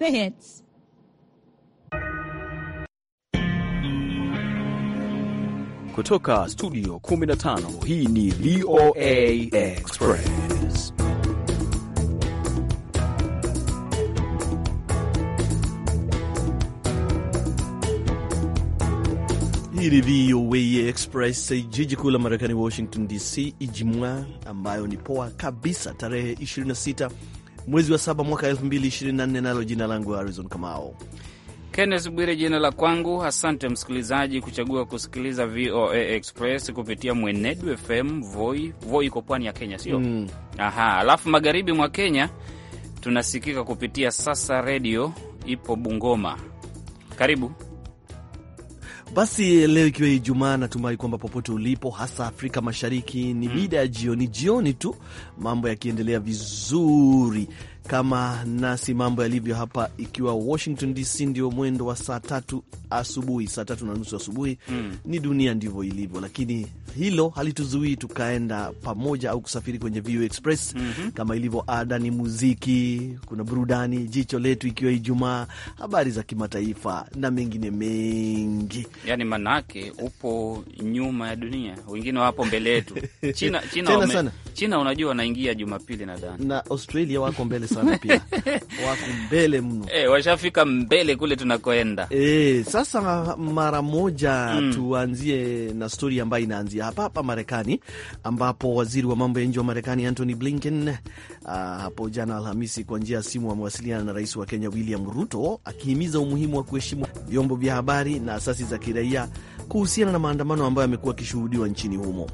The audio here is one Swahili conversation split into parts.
The Hits. Kutoka studio 15 hii ni VOA Express. Hii ni VOA Express, jiji kuu la Marekani, Washington DC, Ijumaa ambayo ni poa kabisa, tarehe 26 mwezi wa saba mwaka 2024, nalo jina langu Harizon Kamao. kennes Bwire jina la kwangu. Asante msikilizaji kuchagua kusikiliza VOA Express kupitia Mwenedu FM Voi. Voi iko pwani ya Kenya, sio? Mm. Aha, alafu magharibi mwa Kenya tunasikika kupitia Sasa Redio, ipo Bungoma. Karibu. Basi leo ikiwa Ijumaa, natumai kwamba popote ulipo, hasa Afrika Mashariki, ni hmm. mida ya jioni, jioni tu, mambo yakiendelea vizuri kama nasi mambo yalivyo hapa, ikiwa Washington DC ndio mwendo wa saa tatu asubuhi, saa tatu na nusu asubuhi mm. Ni dunia ndivyo ilivyo, lakini hilo halituzuii tukaenda pamoja au kusafiri kwenye VU Express mm -hmm. Kama ilivyo ada, ni muziki, kuna burudani, jicho letu ikiwa Ijumaa, habari za kimataifa na mengine mengi. Yani manake upo nyuma ya dunia, wengine wapo mbele yetu. China, China, China unajua wanaingia Jumapili nadhani na Australia wako mbele sana pia wako mbele mno e, washafika mbele kule tunakoenda e. Sasa mara moja mm. tuanzie na stori ambayo inaanzia hapa hapa Marekani, ambapo waziri wa mambo ya nje wa Marekani Antony Blinken uh, hapo jana Alhamisi kwa njia ya simu amewasiliana na rais wa Kenya William Ruto akihimiza umuhimu wa kuheshimu vyombo vya habari na asasi za kiraia kuhusiana na maandamano ambayo yamekuwa akishuhudiwa nchini humo.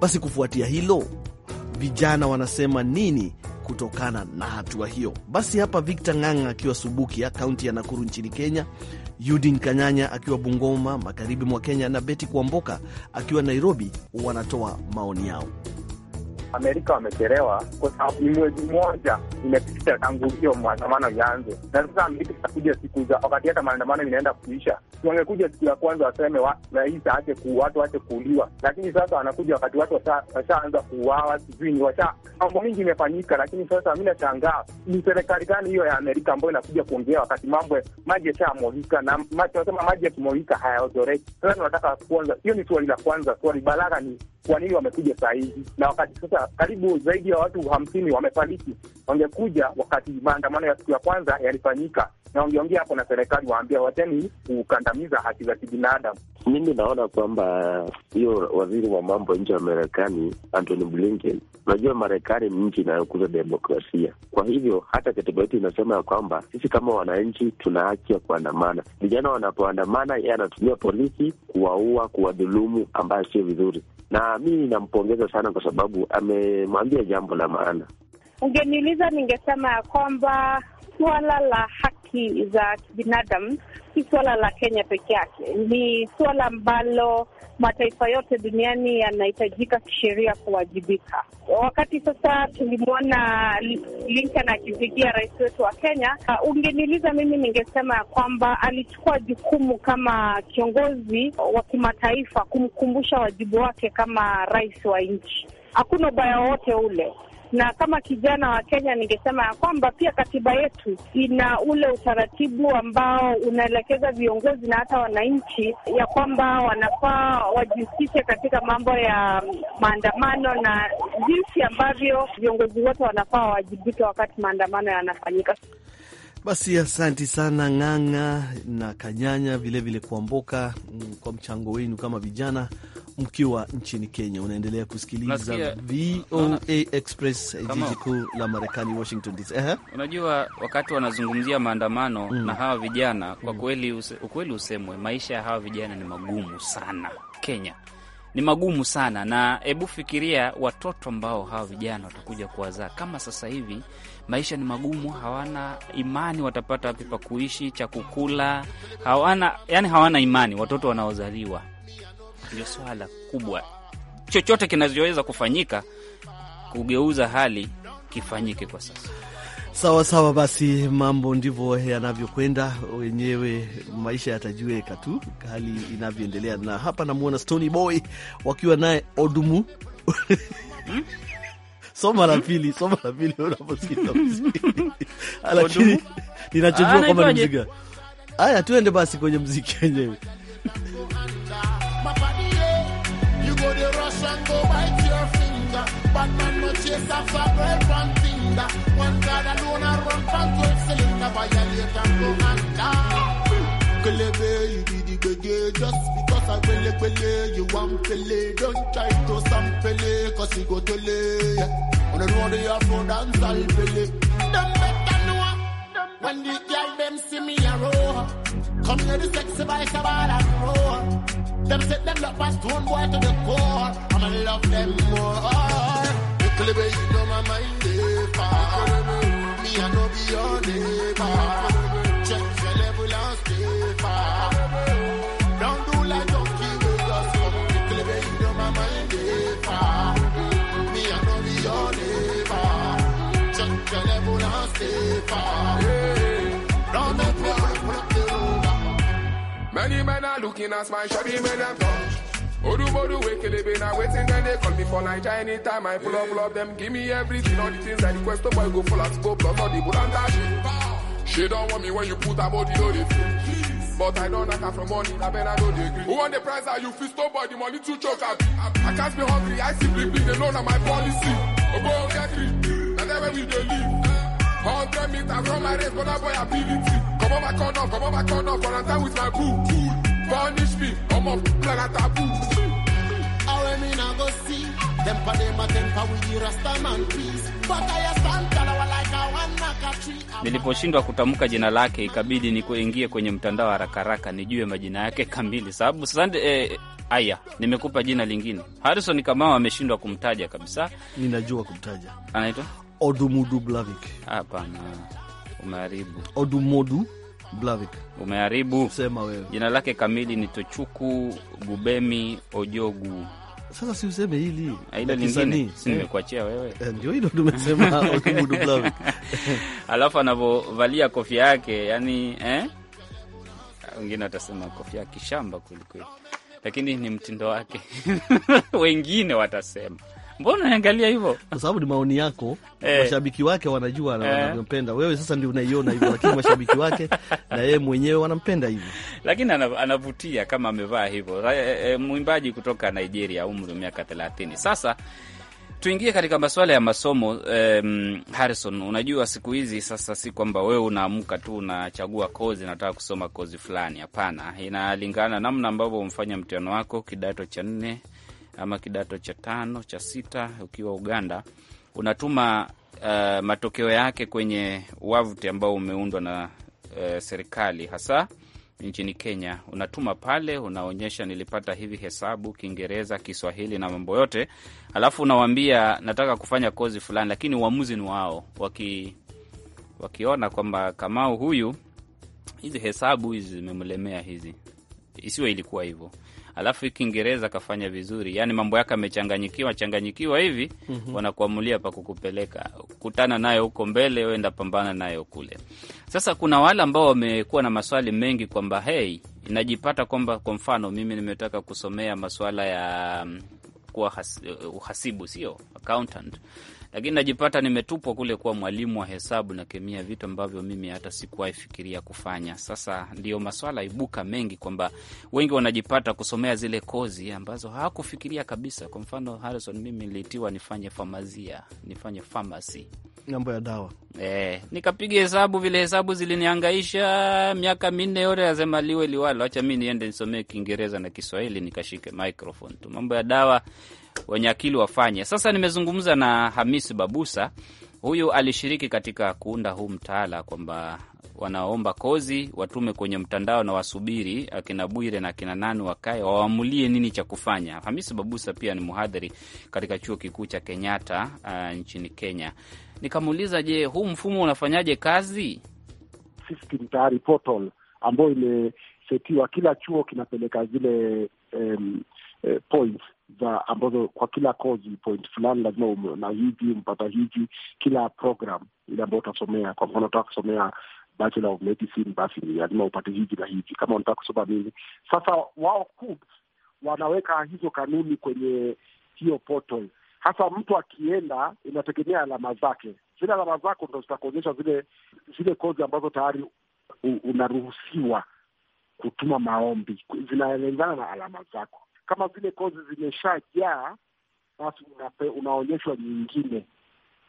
Basi kufuatia hilo, vijana wanasema nini kutokana na hatua hiyo. Basi hapa Victor Ng'ang'a akiwa Subukia, kaunti ya Nakuru nchini Kenya, Yudin Kanyanya akiwa Bungoma, magharibi mwa Kenya, na Beti Kwamboka akiwa Nairobi wanatoa maoni yao. Amerika wamechelewa kwa sababu ni mwezi mmoja imepita tangu hiyo maandamano ianze, na sasa Amerika itakuja siku za wakati hata maandamano inaenda kuisha. Wangekuja siku ya kwanza waseme rais aache ku watu aache kuuliwa, lakini sasa wanakuja wakati watu washaanza kuuawa, sijui ni washa mambo mingi imefanyika. Lakini sasa mi nashangaa ni serikali gani hiyo ya Amerika ambayo inakuja kuongea wakati mambo maji yashamwagika, na tunasema maji yakimwagika hayaozoreki. Sasa tunataka kwanza, hiyo ni swali la kwanza. Swali balagha ni kwa nini wamekuja saa hizi na wakati sasa karibu zaidi ya watu hamsini wamefariki wangekuja wakati maandamano ya siku ya kwanza yalifanyika na wangeongea hapo na serikali, waambia wacheni kukandamiza haki za kibinadamu. Mimi naona kwamba hiyo waziri wa mambo ya nje wa Marekani Antony Blinken, unajua Marekani ni nchi inayokuza demokrasia. Kwa hivyo hata katiba yetu inasema ya kwamba sisi kama wananchi tuna haki ya kuandamana. Vijana wanapoandamana, yeye anatumia polisi kuwaua, kuwadhulumu, ambayo sio vizuri, na mi nampongeza sana kwa sababu amemwambia jambo la maana. Ungeniuliza, ningesema ya kwamba suala la haki za kibinadamu si suala la Kenya peke yake, ni suala ambalo mataifa yote duniani yanahitajika kisheria kuwajibika. Wakati sasa tulimwona Lincoln akipigia rais wetu wa Kenya, uh, ungeniuliza mimi ningesema ya kwamba alichukua jukumu kama kiongozi wa kimataifa kumkumbusha wajibu wake kama rais wa nchi. Hakuna ubaya wowote ule na kama kijana wa Kenya ningesema ya kwamba pia katiba yetu ina ule utaratibu ambao unaelekeza viongozi na hata wananchi ya kwamba wanafaa wajihusishe katika mambo ya maandamano na jinsi ambavyo viongozi wote wanafaa wawajibike wakati maandamano yanafanyika. Basi asanti sana Ng'ang'a na Kanyanya vilevile kuamboka mm, kwa mchango wenu kama vijana mkiwa nchini Kenya. Unaendelea kusikiliza VOA Express, jiji kuu la Marekani, Washington DC. Unajua, wakati wanazungumzia maandamano mm. na hawa vijana kwa mm. kweli, ukweli usemwe, maisha ya hawa vijana ni magumu sana Kenya ni magumu sana na hebu fikiria watoto ambao hawa vijana watakuja kuwazaa. Kama sasa hivi maisha ni magumu, hawana imani watapata wapi pa kuishi, cha kukula hawana, yani hawana imani. Watoto wanaozaliwa ndio swala kubwa, chochote kinachoweza kufanyika kugeuza hali kifanyike kwa sasa. Sawa sawa, basi mambo ndivyo yanavyokwenda wenyewe, maisha yatajiweka tu hali inavyoendelea. Na hapa namwona Stony Boy wakiwa naye Odumu hmm? soma la pili, soma la pili unaposikia muziki. Ah, lakini ninachojua ah, kwamba ni mziki. Haya, tuende basi kwenye mziki wenyewe. gbege just because I pele pele. You want pele, don't try to some pele, cause you go to le. Yeah. On the road they have no dance all pele. Them better know when the girl them see me a Come here the sexy bike about and roar. Them set them pass as stone boy to the core. I'ma love them more. Little baby. i men are looking at my shabby men and punch. Odu bodu wake i been waiting and they call me for like Anytime time I pull up, pull them, give me everything, all the things I request, oh boy go full at go plus all the bulanta shit. She don't want me when you put her body on it. But I don't knock her from money, I better know the agree. Who want the price are you fist up oh the money to choke I can't be hungry, I simply bleed alone on my policy. Oh boy, get it. Now that way we they live. 100 meters from my race, but that boy ability. Come on, my corner, come on, my corner, quarantine with my boo. Punish me, I'm a like a taboo. How am I go see them for them, a temper with you, Rasta man, please. But I stand tall like a one naka tree. Niliposhindwa kutamka jina lake, ikabidi ni kuingia kwenye mtandao haraka haraka nijue majina yake kamili, sababu sasa eh, Aya, nimekupa jina lingine. Harrison Kamau ameshindwa kumtaja kabisa. Ninajua kumtaja, anaitwa Odumudu Blavik. Hapana, umeharibu Odumudu Blavik. Umeharibu. Sema wewe. Jina lake kamili ni Tochuku Gubemi Ojogu. Sasa si useme hili ah, hilo lingine, si nimekuachia wewe. Eh, ndio hilo tumesema. Ojogu Blavik, alafu anavovalia kofia yake, yani eh, wengine watasema kofia ya kishamba kwelikweli, lakini ni mtindo wake wengine watasema Mbona unaangalia hivyo? Kwa sababu ni maoni yako eh. Mashabiki wake wanajua na eh, wanampenda. Wewe sasa ndio unaiona hivyo, lakini mashabiki wake na yeye mwenyewe wanampenda hivyo, lakini anavutia kama amevaa hivyo. E, e, mwimbaji kutoka Nigeria, umri wa miaka thelathini. Sasa tuingie katika masuala ya masomo um, Harrison, unajua siku hizi sasa si kwamba wewe unaamka tu unachagua kozi, nataka kusoma kozi fulani. Hapana, inalingana namna ambavyo umfanya mtihani wako kidato cha nne ama kidato cha tano cha sita ukiwa Uganda, unatuma uh, matokeo yake kwenye wavuti ambao umeundwa na uh, serikali hasa nchini Kenya. Unatuma pale, unaonyesha nilipata hivi, hesabu, Kiingereza, Kiswahili na mambo yote, alafu unawambia nataka kufanya kozi fulani, lakini uamuzi ni wao. Waki, wakiona kwamba Kamau huyu hizi hesabu hizi zimemlemea, hizi isiwe ilikuwa hivyo alafu Kiingereza kafanya vizuri, yani mambo yake amechanganyikiwa changanyikiwa hivi mm -hmm. wanakuamulia pa kukupeleka, kutana nayo huko mbele, wenda pambana nayo kule. Sasa kuna wale ambao wamekuwa na maswali mengi kwamba hey, inajipata kwamba kwa mfano mimi nimetaka kusomea maswala ya mm, kuwa uhasibu, sio accountant lakini najipata nimetupwa kule kuwa mwalimu wa hesabu na kemia, vitu ambavyo mimi hata sikuwahi fikiria kufanya. Sasa ndio maswala ibuka mengi kwamba wengi wanajipata kusomea zile kozi ambazo hawakufikiria kabisa. Kwa mfano Harrison, mimi nilitiwa nifanye famazia, nifanye famasi, mambo ya dawa e, nikapiga hesabu vile. Hesabu ziliniangaisha miaka minne yote, asema liwe liwalo, wacha mi niende nisomee Kiingereza na Kiswahili nikashike microphone tu, mambo ya dawa wenye akili wafanye. Sasa nimezungumza na Hamis Babusa, huyu alishiriki katika kuunda huu mtaala kwamba wanaomba kozi watume kwenye mtandao na wasubiri akina Bwire na akina nani wakae wawamulie nini cha kufanya. Hamisi Babusa pia ni mhadhiri katika chuo kikuu cha Kenyatta uh, nchini Kenya. Nikamuuliza, je, huu mfumo unafanyaje kazi? System tayari portal ambayo imesetiwa, kila chuo kinapeleka zile um, points za ambazo kwa kila kozi point fulani lazima ume, na hivi umepata hivi kila program ile ambayo utasomea. Kwa mfano utaka kusomea Bachelor of Medicine, basi ni lazima upate hivi na hivi. Kama unataka kusoma nini, sasa wao wanaweka hizo kanuni kwenye hiyo portal. Hasa mtu akienda, inategemea alama zake. Zile alama zako ndo zitakuonyesha zile zile kozi ambazo tayari unaruhusiwa kutuma maombi, zinaendana na alama zako kama vile kozi zimeshajaa, basi unaonyeshwa nyingine,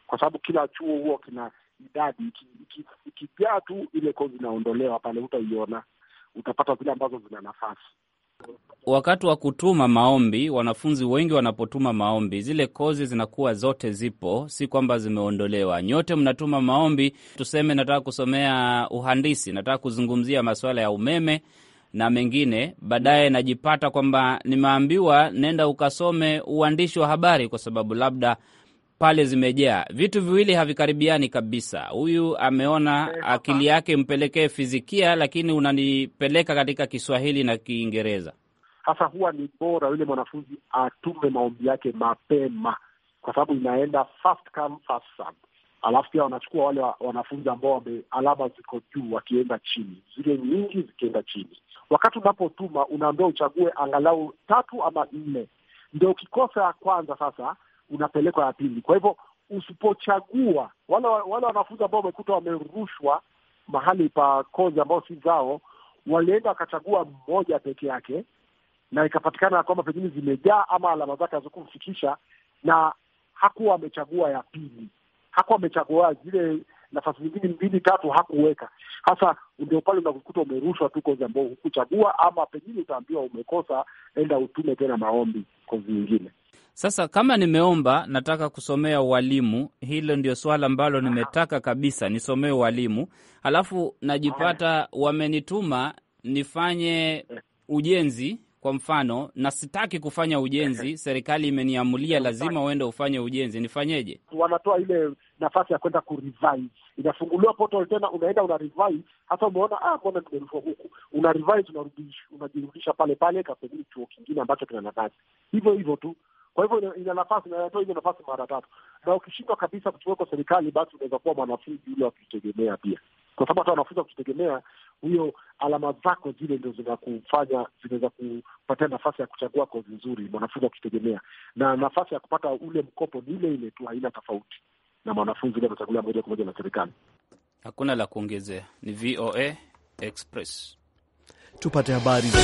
kwa sababu kila chuo huo kina idadi. Ikijaa iki, iki tu ile kozi inaondolewa pale, utaiona utapata zile ambazo zina nafasi. Wakati wa kutuma maombi, wanafunzi wengi wanapotuma maombi, zile kozi zinakuwa zote zipo, si kwamba zimeondolewa. Nyote mnatuma maombi, tuseme nataka kusomea uhandisi, nataka kuzungumzia masuala ya umeme na mengine baadaye, najipata kwamba nimeambiwa nenda ukasome uandishi wa habari, kwa sababu labda pale zimejaa vitu viwili havikaribiani kabisa. Huyu ameona eh, akili yake mpelekee fizikia, lakini unanipeleka katika Kiswahili na Kiingereza. Sasa huwa ni bora yule mwanafunzi atume maombi yake mapema, kwa sababu inaenda first come first serve. Alafu pia wanachukua wale wanafunzi ambao wame alama ziko juu wakienda chini, zile nyingi zikienda chini. Wakati unapotuma unaambia uchague angalau tatu ama nne, ndio ukikosa ya kwanza, sasa unapelekwa ya pili. Kwa hivyo usipochagua wale wale wanafunzi ambao wamekuta wamerushwa mahali pa kozi ambao si zao, walienda wakachagua mmoja peke yake, na ikapatikana ya kwamba pengine zimejaa ama alama zake hazikumfikisha, na hakuwa amechagua ya pili, hakuwa amechagua zile nafasi zingine mbili tatu hakuweka. Hasa ndio pale unakukuta umerushwa tu kozi ambao hukuchagua, ama pengine utaambiwa umekosa, enda utume tena maombi kozi nyingine. Sasa kama nimeomba nataka kusomea ualimu, hilo ndio swala ambalo nimetaka kabisa nisomee ualimu, alafu najipata wamenituma nifanye eh. ujenzi kwa mfano, na sitaki kufanya ujenzi, serikali imeniamulia lazima uende ufanye ujenzi, nifanyeje? Wanatoa ile nafasi ya kwenda ku inafunguliwa portal tena, unaenda una revive. Hata umeona ah, mbona tumerushwa huku, una revive, unajirudisha pale pale kapengine chuo kingine ambacho kina nafasi hivyo hivyo tu. Kwa hivyo ina nafasi na inatoa hizo nafasi mara tatu, na ukishindwa kabisa kuchukua kwa serikali, basi unaweza kuwa mwanafunzi yule wakitegemea pia kwa sababu hata wanafunzi kujitegemea huyo alama zako zile ndo zinakufanya kufanya zinaweza kupatia nafasi ya kuchagua kozi nzuri mwanafunzi akujitegemea, na nafasi ya kupata ule mkopo ni ile ile tu, haina tofauti na mwanafunzi ile anachagulia moja kwa moja na serikali. Hakuna la kuongezea, ni VOA Express. Tupate habari za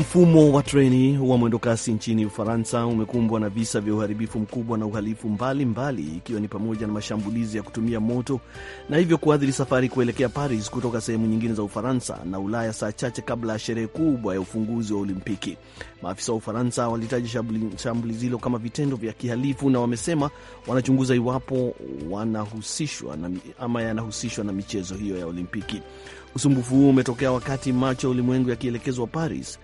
Mfumo wa treni wa mwendokasi nchini Ufaransa umekumbwa na visa vya uharibifu mkubwa na uhalifu mbalimbali mbali, ikiwa ni pamoja na mashambulizi ya kutumia moto na hivyo kuathiri safari kuelekea Paris kutoka sehemu nyingine za Ufaransa na Ulaya saa chache kabla ya sherehe kubwa ya ufunguzi wa Olimpiki. Maafisa wa Ufaransa walitaja shambulizi hilo kama vitendo vya kihalifu na wamesema wanachunguza iwapo wanahusishwa na, ama yanahusishwa na michezo hiyo ya Olimpiki. Usumbufu huu umetokea wakati macho ya ulimwengu yakielekezwa Paris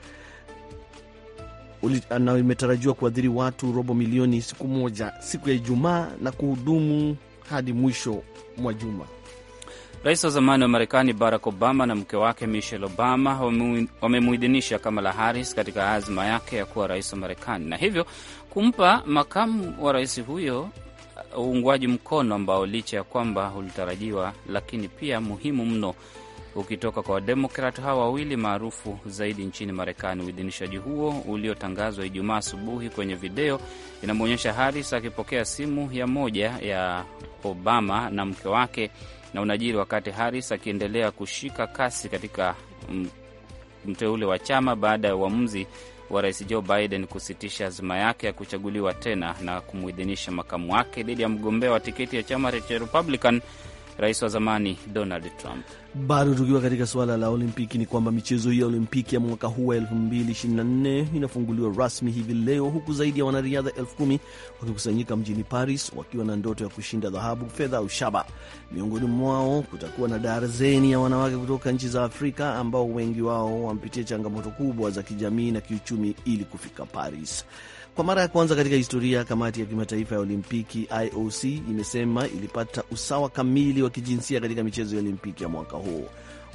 na imetarajiwa kuathiri watu robo milioni siku moja siku ya Ijumaa na kuhudumu hadi mwisho mwa juma. Rais wa zamani wa Marekani Barack Obama na mke wake Michelle Obama wamemuidhinisha Kamala Harris katika azma yake ya kuwa rais wa Marekani na hivyo kumpa makamu wa rais huyo uh, uungwaji mkono ambao licha ya kwamba ulitarajiwa, lakini pia muhimu mno ukitoka kwa Wademokrat hawa wawili maarufu zaidi nchini Marekani. Uidhinishaji huo uliotangazwa Ijumaa asubuhi kwenye video inamwonyesha haris akipokea simu ya moja ya Obama na mke wake, na unajiri wakati haris akiendelea kushika kasi katika mteule wa chama baada ya uamuzi wa rais Joe Biden kusitisha azima yake ya kuchaguliwa tena na kumwidhinisha makamu wake dhidi ya mgombea wa tiketi ya chama cha Republican rais wa zamani Donald Trump. Bado tukiwa katika suala la Olimpiki, ni kwamba michezo hiyo ya Olimpiki ya mwaka huu wa 2024 inafunguliwa rasmi hivi leo, huku zaidi ya wanariadha elfu kumi wakikusanyika mjini Paris wakiwa na ndoto ya kushinda dhahabu, fedha au shaba. Miongoni mwao kutakuwa na darzeni ya wanawake kutoka nchi za Afrika ambao wengi wao wamepitia changamoto kubwa za kijamii na kiuchumi ili kufika Paris. Kwa mara ya kwanza katika historia, kamati ya kimataifa ya Olimpiki IOC imesema ilipata usawa kamili wa kijinsia katika michezo ya Olimpiki ya mwaka huu.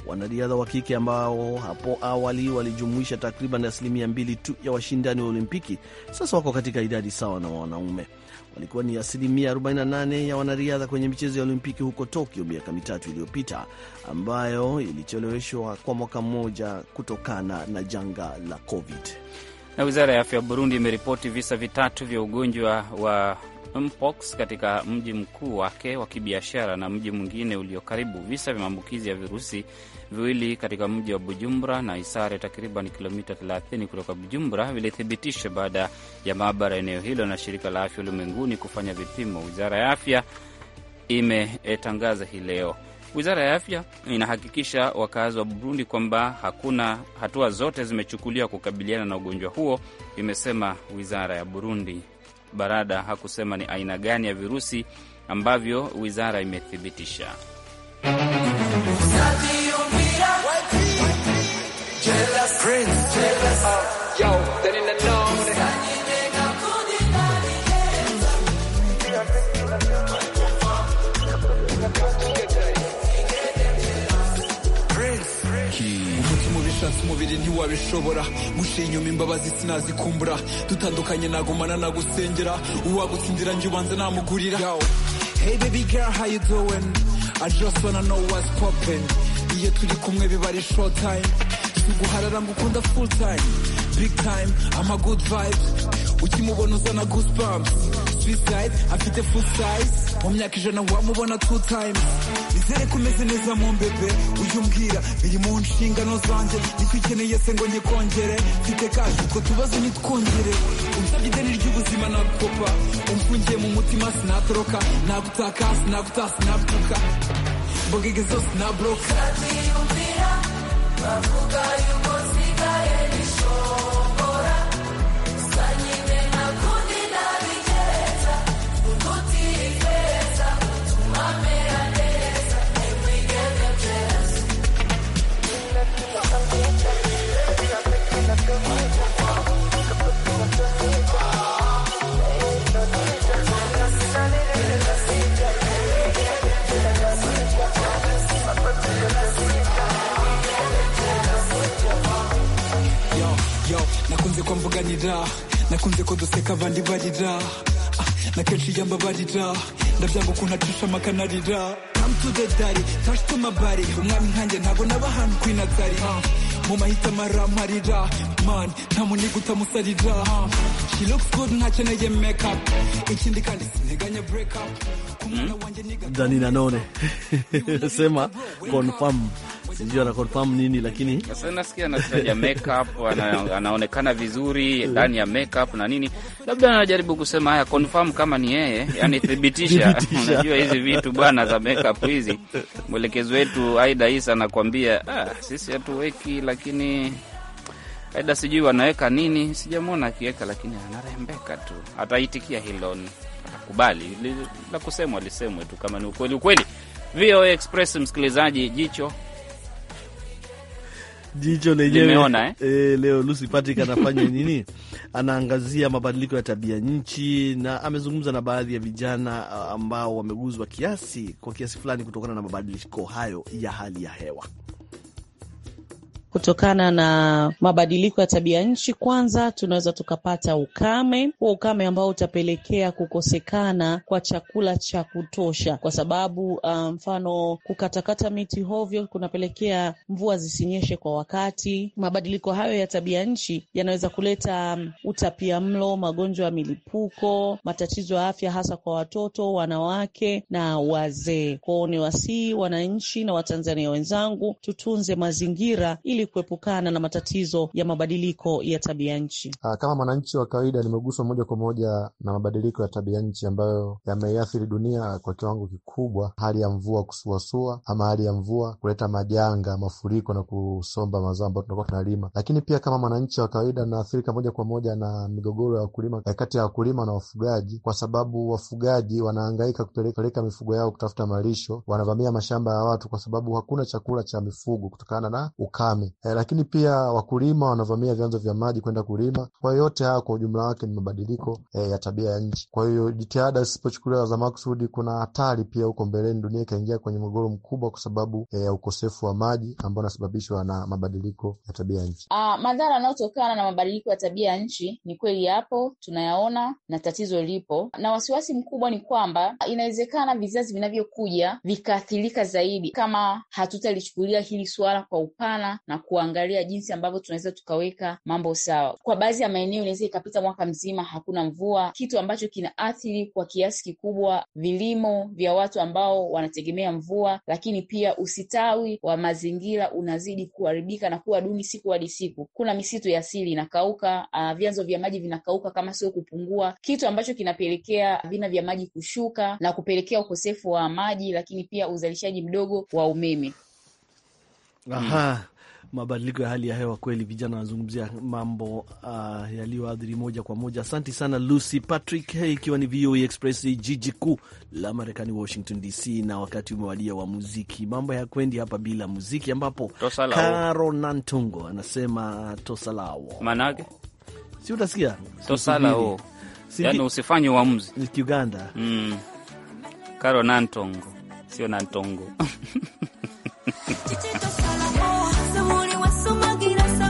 Wanariadha wa kike ambao hapo awali walijumuisha takriban asilimia mbili tu ya washindani wa Olimpiki sasa wako katika idadi sawa na wanaume. Walikuwa ni asilimia 48 ya wanariadha kwenye michezo ya Olimpiki huko Tokyo miaka mitatu iliyopita, ambayo ilicheleweshwa kwa mwaka mmoja kutokana na janga la COVID. Na wizara ya afya ya Burundi imeripoti visa vitatu vya ugonjwa wa mpox katika mji mkuu wake wa kibiashara na mji mwingine ulio karibu. Visa vya maambukizi ya virusi viwili katika mji wa Bujumbura na Isare, takriban kilomita 30 kutoka Bujumbura, vilithibitishwa baada ya maabara eneo hilo na shirika la afya ulimwenguni kufanya vipimo. Wizara ya afya imetangaza hii leo. Wizara ya afya inahakikisha wakazi wa Burundi kwamba hakuna hatua zote zimechukuliwa kukabiliana na ugonjwa huo, imesema wizara ya Burundi. Barada hakusema ni aina gani ya virusi ambavyo wizara imethibitisha. umubiri ntiwabishobora guciye inyuma imbabazi sinazikumbura dutandukanye nagumana nagusengera uwagutsindira njye ubanza namugurira Hey baby girl how you doing I just wanna know what's poppin iyo turi kumwe biba ari short time siguharara ngukunda full time big time I'm a good vibes ukimubona uzana goosebumps freestyle afite full size mu myaka ijana wamubona two times izere ko umeze neza mu mbebe ujye umbwira biri mu nshingano zanjye nicyo ukeneye se ngo nyikongere mfite kaje utwo tubazo nitwongere unsabye ideni ry'ubuzima nagukopa umfungiye mu mutima sinatoroka nagutaka sinaguta sinagutuka mbogege zose na sinatiyumvira bavuga yuko nsigaye nishora nakunze kodoseka abandi barira ah, na kenshi yamba barira ndabyanga ukuntu acisha makanarira come to the daddy touch to my body umwami nkanjye ntabwo naba ahantu queen atari ah, mu mahitamo aramarira man nta muntu iguta musarira ah, she looks good ntakeneye makeup ikindi kandi sinteganya break up ku mwana wanjye niga dani nanone sema confirm sijui anakonfam nini, lakini sasa nasikia anataja makeup ana, anaonekana vizuri hmm. ndani ya makeup na nini, labda anajaribu kusema haya confirm kama ni yeye, yani thibitisha. Unajua hizi vitu bwana za makeup hizi, mwelekezi wetu Aida Isa anakuambia ah, sisi hatuweki, lakini Aida sijui wanaweka nini, sijamwona akiweka, lakini anarembeka tu. Ataitikia hilo, atakubali la kusemwa lisemwe tu, kama ni ukweli ukweli. VOA Express, msikilizaji, jicho jicho lenyewe eh? E, leo Lucy Patrick anafanya nini? Anaangazia mabadiliko ya tabia nchi na amezungumza na baadhi ya vijana uh, ambao wameguzwa kiasi kwa kiasi fulani kutokana na mabadiliko hayo ya hali ya hewa kutokana na mabadiliko ya tabia nchi. Kwanza tunaweza tukapata ukame, huo ukame ambao utapelekea kukosekana kwa chakula cha kutosha, kwa sababu ah, mfano um, kukatakata miti hovyo kunapelekea mvua zisinyeshe kwa wakati. Mabadiliko hayo ya tabia nchi yanaweza kuleta um, utapia mlo, magonjwa ya milipuko, matatizo ya afya, hasa kwa watoto, wanawake na wazee. Kwao ni wasii wananchi na Watanzania wenzangu, tutunze mazingira ili ili kuepukana na matatizo ya mabadiliko ya tabia nchi. Ah, kama mwananchi wa kawaida, nimeguswa moja kwa moja na mabadiliko ya tabia nchi ambayo yameiathiri dunia kwa kiwango kikubwa, hali ya mvua kusuasua ama hali ya mvua kuleta majanga, mafuriko na kusomba mazao ambayo tunakuwa tunalima. Lakini pia kama mwananchi wa kawaida, naathirika moja kwa moja na migogoro ya wakulima, eh, kati ya wakulima na wafugaji, kwa sababu wafugaji wanaangaika kupeleka mifugo yao kutafuta malisho, wanavamia mashamba ya watu kwa sababu hakuna chakula cha mifugo kutokana na ukame e, lakini pia wakulima wanavamia vyanzo vya maji kwenda kulima. Kwa hiyo yote haya kwa ujumla wake ni mabadiliko e, ya tabia ya nchi. Kwa hiyo jitihada zisipochukuliwa za makusudi, kuna hatari pia huko mbeleni dunia ikaingia kwenye mgogoro mkubwa kwa sababu eh, ya ukosefu wa maji ambao unasababishwa na mabadiliko ya tabia ya nchi. Ah, madhara yanayotokana na mabadiliko ya tabia ya nchi ni kweli yapo, tunayaona na tatizo lipo, na wasiwasi mkubwa ni kwamba inawezekana vizazi vinavyokuja vikaathirika zaidi kama hatutalichukulia hili suala kwa upana na kuangalia jinsi ambavyo tunaweza tukaweka mambo sawa. Kwa baadhi ya maeneo inaweza ikapita mwaka mzima hakuna mvua, kitu ambacho kinaathiri kwa kiasi kikubwa vilimo vya watu ambao wanategemea mvua, lakini pia usitawi wa mazingira unazidi kuharibika na kuwa duni siku hadi siku. Kuna misitu ya asili inakauka, uh, vyanzo vya maji vinakauka kama sio kupungua, kitu ambacho kinapelekea vina vya maji kushuka na kupelekea ukosefu wa maji, lakini pia uzalishaji mdogo wa umeme. Aha mabadiliko ya hali ya hewa kweli, vijana wanazungumzia mambo uh, ah, yaliyoathiri moja kwa moja. Asante sana Lucy Patrick. Hey, ikiwa ni VOA e Express, jiji kuu la Marekani, Washington DC, na wakati umewadia wa muziki. Mambo ya kwendi hapa bila muziki, ambapo karo Nantongo anasema ah, tosalao, manake si utasikia tosalao, yani usifanye uamuzi Kiuganda. Mm. Karo Nantongo sio Nantongo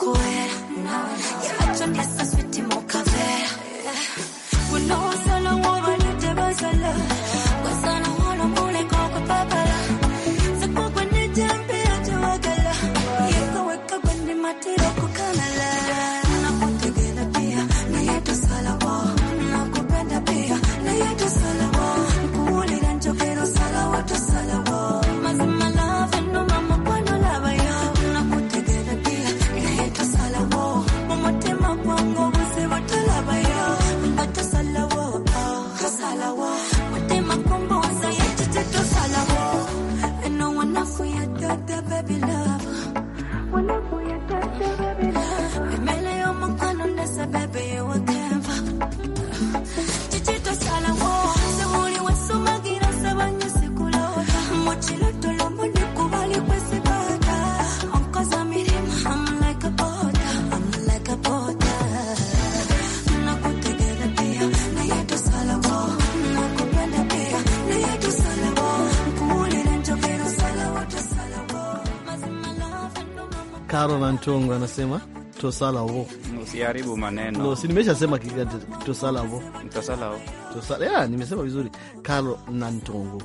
cuerpo. Harold Antongo anasema tosala wo Usiharibu maneno. No, si nimeshasema Kiganda tosalavo. Tosalavo. Tosala, ya, nimesema vizuri. Karo na Ntongo.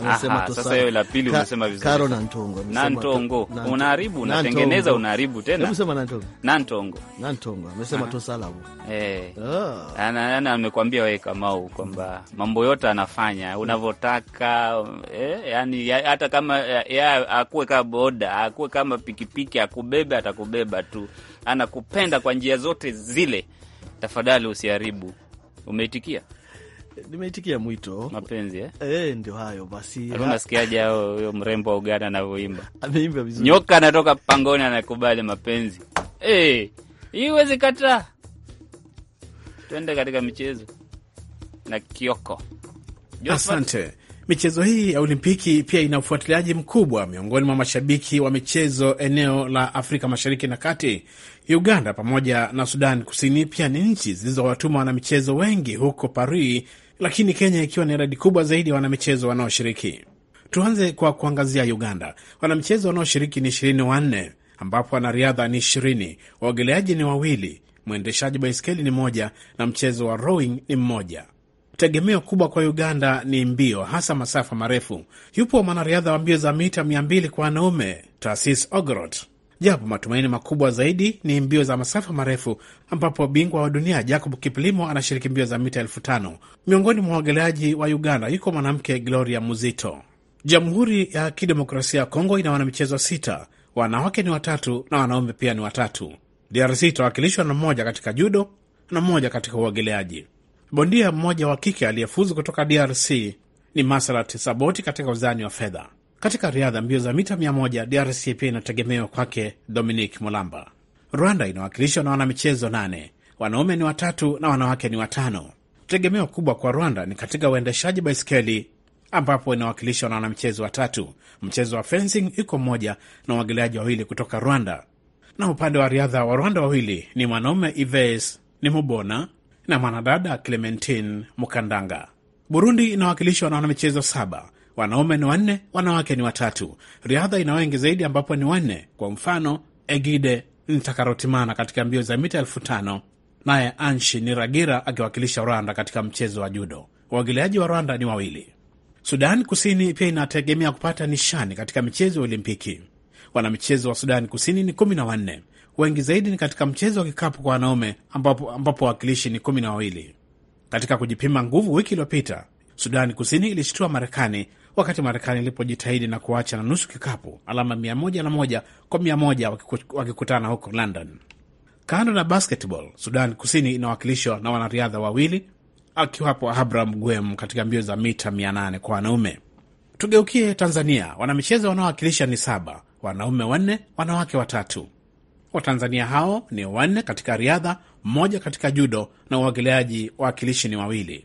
Amesema tosala. Sasa hiyo la pili umesema vizuri. Karo na Ntongo. Na Ntongo. Unaharibu, unatengeneza, unaharibu tena. Hebu sema na Ntongo. Na Ntongo. Na Ntongo. Amesema tosalavo. Eh. Ah. Ana ana amekwambia wewe kama Kamau kwamba mambo yote anafanya unavyotaka, eh, yani hata kama ya, akuwe kama boda, akuwe kama pikipiki akubebe atakubeba tu anakupenda kwa njia zote zile, tafadhali usiharibu. Umeitikia? Nimeitikia mwito mapenzi eh? E, ndio hayo basi. Unasikiaje huyo mrembo wa Uganda anavyoimba? Ameimba vizuri, nyoka anatoka pangoni anakubali mapenzi e, hii huwezi kata. Twende katika michezo na Kioko. Asante. Michezo hii ya Olimpiki pia ina ufuatiliaji mkubwa miongoni mwa mashabiki wa michezo eneo la Afrika Mashariki na Kati. Uganda pamoja na Sudan Kusini pia ni nchi zilizowatuma wanamichezo wengi huko Paris, lakini Kenya ikiwa ni idadi kubwa zaidi ya wanamichezo wanaoshiriki. Tuanze kwa kuangazia Uganda. Wanamchezo wanaoshiriki ni ishirini wanne, ambapo wanariadha ni ishirini, waogeleaji ni wawili, mwendeshaji baiskeli ni moja na mchezo wa rowing ni mmoja. Tegemeo kubwa kwa Uganda ni mbio, hasa masafa marefu. Yupo mwanariadha wa mbio za mita 200 kwa wanaume Tasis Ogrot, japo matumaini makubwa zaidi ni mbio za masafa marefu, ambapo bingwa wa dunia Jacob Kiplimo anashiriki mbio za mita elfu tano. Miongoni mwa waogeleaji wa Uganda yuko mwanamke Gloria Muzito. Jamhuri ya Kidemokrasia ya Kongo ina wanamichezo sita, wanawake ni watatu na wanaume pia ni watatu. DRC itawakilishwa na mmoja katika judo na mmoja katika uogeleaji. Bondia mmoja wa kike aliyefuzu kutoka DRC ni Masarat Saboti katika uzani wa fedha. Katika riadha mbio za mita 100 DRC pia inategemewa kwake Dominic Mulamba. Rwanda inawakilishwa na wanamichezo nane, wanaume ni watatu na wanawake ni watano. Tegemeo kubwa kwa Rwanda ni katika uendeshaji baiskeli ambapo inawakilishwa na wanamchezo watatu. Mchezo wa fencing iko mmoja na waogeleaji wawili kutoka Rwanda, na upande wa riadha wa Rwanda wawili ni mwanaume Ives ni Mubona na mwanadada Clementine Mukandanga. Burundi inawakilishwa na wanamichezo saba, wanaume ni wanne, wanawake ni watatu. Riadha ina wengi zaidi, ambapo ni wanne. Kwa mfano, Egide Ntakarotimana katika mbio za mita elfu tano naye Anshi Niragira akiwakilisha Rwanda katika mchezo wa judo. Waogeleaji wa Rwanda ni wawili. Sudani Kusini pia inategemea kupata nishani katika michezo ya Olimpiki. Wanamichezo wa Sudani Kusini ni kumi na wanne wengi zaidi ni katika mchezo wa kikapu kwa wanaume ambapo, ambapo wawakilishi ni kumi na wawili. Katika kujipima nguvu wiki iliyopita, Sudani Kusini ilishitua Marekani wakati Marekani ilipojitahidi na kuacha na nusu kikapu, alama mia moja na moja kwa mia moja wakikutana huko London. Kando na basketball, Sudani Kusini inawakilishwa na wanariadha wawili akiwapo Abraham Gwem katika mbio za mita 800 kwa wanaume. Tugeukie Tanzania, wanamichezo wanaowakilisha ni saba, wanaume wanne, wanawake watatu. Watanzania hao ni wanne katika riadha, mmoja katika judo na uogeleaji, wawakilishi ni wawili.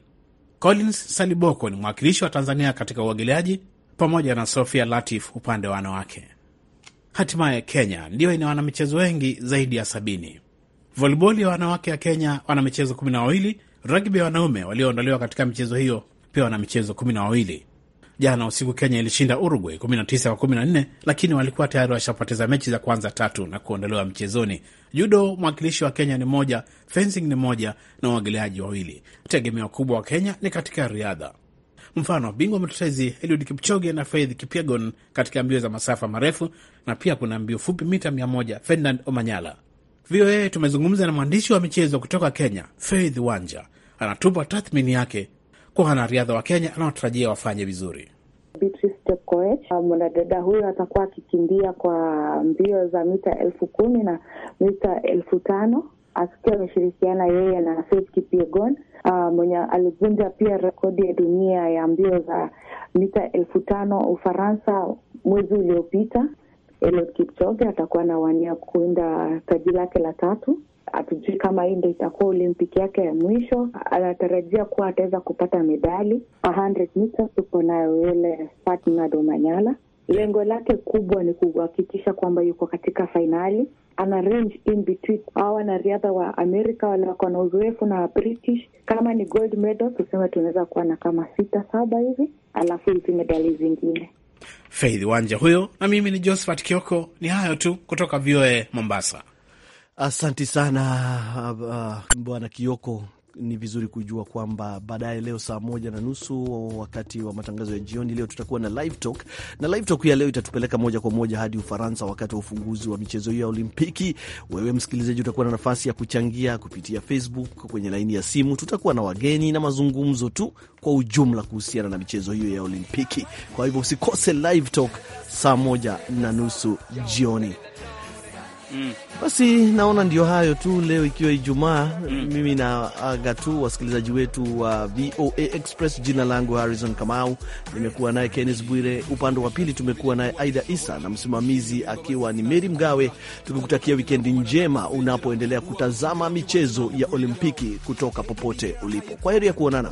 Collins Saliboko ni mwakilishi wa Tanzania katika uogeleaji pamoja na Sofia Latif upande wa wanawake. Hatimaye Kenya ndiyo ina wanamichezo wengi zaidi ya sabini. Voliboli ya wanawake ya Kenya wana michezo kumi na wawili. Ragbi ya wanaume walioondolewa katika michezo hiyo pia wana michezo kumi na wawili. Jana usiku Kenya ilishinda Uruguay 19 kwa 14, lakini walikuwa tayari washapoteza mechi za kwanza tatu na kuondolewa mchezoni. Judo mwakilishi wa Kenya ni moja, fencing ni moja na uogeleaji wawili. Tegemeo kubwa wa Kenya ni katika riadha. Mfano, bingwa mtetezi Eliud Kipchoge na Faith Kipyegon katika mbio za masafa marefu, na pia kuna mbio fupi mita 100 Ferdinand Omanyala. VOA tumezungumza na mwandishi wa michezo kutoka Kenya, Faith Wanja, anatupa tathmini yake kwa wanariadha wa Kenya anaotarajia wafanye vizuri. Beatrice Chepkoech. Ah, mwanadada huyo atakuwa akikimbia kwa mbio za mita elfu kumi na mita elfu tano akiwa ameshirikiana yeye na Faith Kipyegon uh, mwenye alivunja pia rekodi ya dunia ya mbio za mita elfu tano Ufaransa mwezi uliopita. Eliud Kipchoge atakuwa anawania kuinda taji lake la tatu hatujui kama hii ndo itakuwa olimpiki yake ya mwisho. Anatarajia kuwa ataweza kupata medali 100 meters. Tuko nayo yule Fatma Omanyala. Lengo lake kubwa ni kuhakikisha kwamba yuko katika fainali. Ana range in between hawa wanariadha wa Amerika wale wako na uzoefu na British. Kama ni gold medal, tuseme tunaweza kuwa na kama sita saba hivi, alafu hizi medali zingine. Faith Wanja huyo, na mimi ni Josephat Kioko. Ni hayo tu kutoka VOA Mombasa. Asanti sana uh, Bwana Kioko. Ni vizuri kujua kwamba baadaye leo saa moja na nusu wakati wa matangazo ya jioni, leo tutakuwa na live talk, na live talk ya leo itatupeleka moja kwa moja hadi Ufaransa wakati wa ufunguzi wa michezo hiyo ya Olimpiki. Wewe msikilizaji, utakuwa na nafasi ya kuchangia kupitia Facebook kwenye laini ya simu. Tutakuwa na wageni na mazungumzo tu kwa ujumla kuhusiana na michezo hiyo ya Olimpiki. Kwa hivyo usikose live talk saa moja na nusu jioni. Mm. Basi naona ndio hayo tu leo, ikiwa Ijumaa. Mm. Mimi aga tu wasikilizaji wetu wa VOA Express. Jina langu Harrison Kamau, nimekuwa naye Kennes Bwire, upande wa pili tumekuwa naye Aida Isa na msimamizi akiwa ni Meri Mgawe, tukikutakia wikendi njema unapoendelea kutazama michezo ya Olimpiki kutoka popote ulipo. Kwa heri ya kuonana.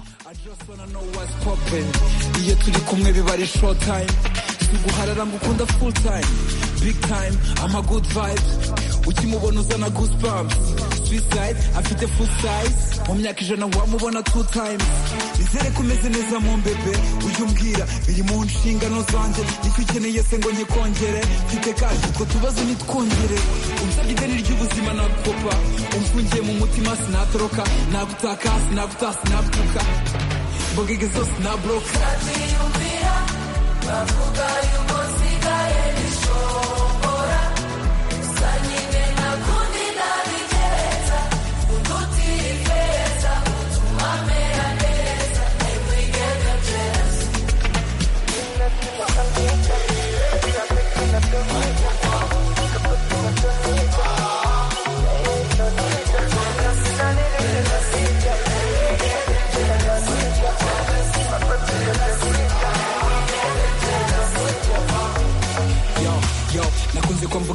big time ama good vibes ukimubona uzana goosebumps suicide afite full size mu myaka ijana wamubona two times izere kumeze neza mu mbebe ujye umbwira biri mu nshingano zanjye icyo ukeneye se ngo nyikongere mfite kaje utwo tubazo nitwongere unsabye ideni ry'ubuzima nagukopa umfungiye mu mutima sinatoroka nagutaka sinagutaha sinagutuka mbogege zose nabroka bavuga yuko Israel is strong.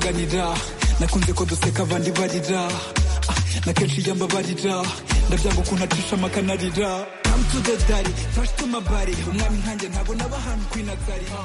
baranganira nakunze kodoseka abandi barira ah, na kenshi iyamba barira ndabyanga ukuntu acisha amakanarira come to the daddy touch to my body umwami nkanjye ntabwo naba ahantu kwinazarira